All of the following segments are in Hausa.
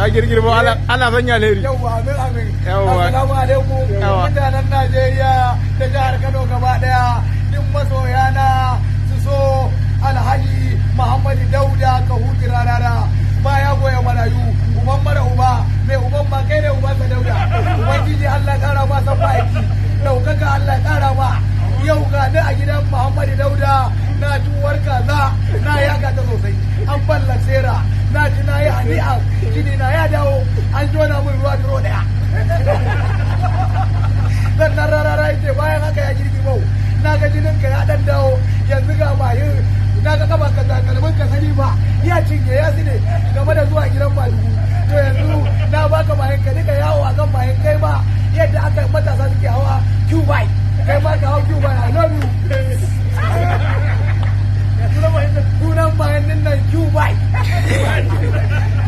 ta girgirbo ana sanya leri yawwa amin amin yawwa assalamu alaikum mutanen Najeriya da jihar Kano gaba daya duk masoya na su so Alhaji Muhammadu Dauda ka huti rarara baya goya marayu uban mara uba mai uban ma kai ne uban sa Dauda ubangiji Allah kara ma san ba'iki daukaka Allah kara ma yau ga ni a gidan Muhammadu Dauda na juwar kaza na yaga ta sosai an ballace ra na ji na yi hani'a na ya dawo an jona min ruwa duro daya zan na rarara yake bayan haka ya girbi mau na ga jinin ka ya dan dawo yanzu ga bayin na ga kaban ka takalmin ka sani ba ya cinye ya sine game da zuwa gidan malugu to yanzu na baka bayan ka nika yawo kan bayan kai ba yadda aka matasa suke hawa q kai ma ka hawa a love you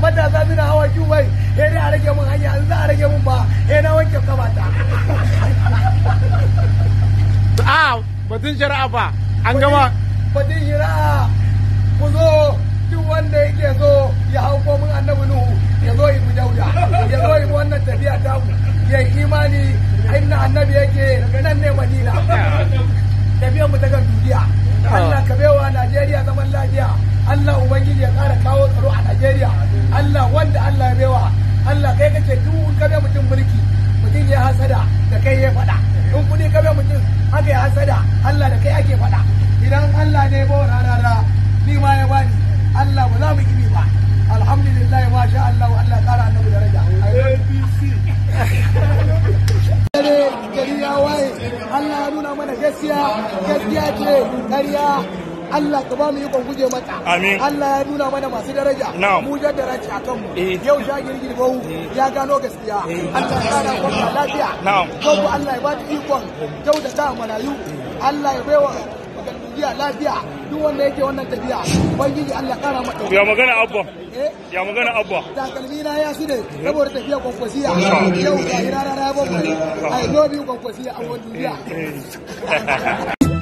matasa suna hawa kin wai eh dai a rage mun hanya in za a rage mun ba eh na wanke kabata a ah, batun shari'a ba an gama batun shari'a ku zo Allah wanda Allah ya baiwa Allah kai kake duk in ka bai mutum mulki mutum ya hasada da kai ya faɗa in kuɗi ka bai mutum haka ya hasada Allah da kai ake faɗa idan Allah ne ba ra ni ma ya bani Allah ba za mu kimi ba alhamdulillah ma sha Allah Allah kara annabi daraja ABC Allah ya nuna mana gaskiya gaskiya ce ƙarya Allah ka ba mu yi kon guje mata amin Allah ya nuna mana masu daraja mu da daraja a kanmu. Eh. yau shagir girbau eh. ya gano gaskiya eh. Allah ya kara kwanta lafiya ko Allah ya ba ta ikon kyautata marayu Allah ya baiwa jiya lafiya duk wanda yake wannan tafiya ubangiji Allah kara mata ya magana abba ya magana abba takalmi na ya su ne saboda tafiya kwankwasiya yau ga hirarara ya bambari a ah. yi biyu kwankwasiya a wani duniya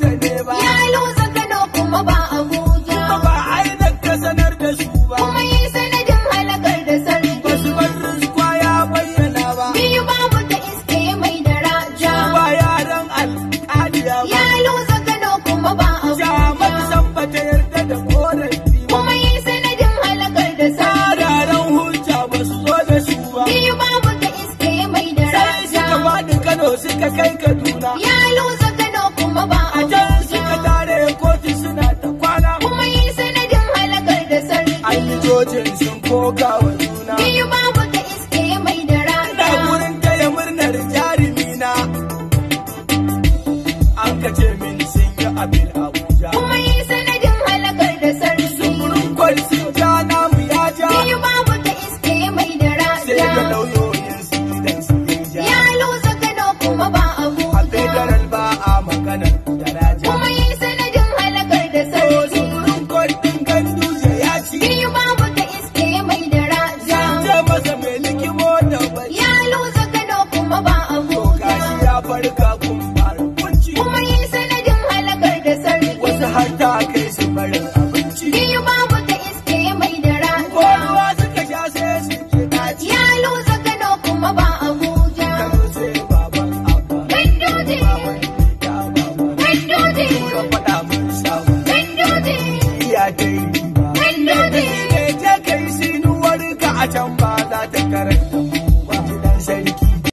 baki san ba ta yarda da korafi ba. Kuma yi sanadin halakar da sa. Tsararen hujja ba su zo da su ba. Biyu babu ka iske mai da rata. Sai suka faɗi Kano suka kai Kaduna. Ya lusa Kano kuma ba a can suka tare kotu suna da kwana. Kuma yi sanadin halakar da sarki. An yi sun koka wa juna. ya ta yi ba. Ke je kai sinuwar ka a can ba za ta karka.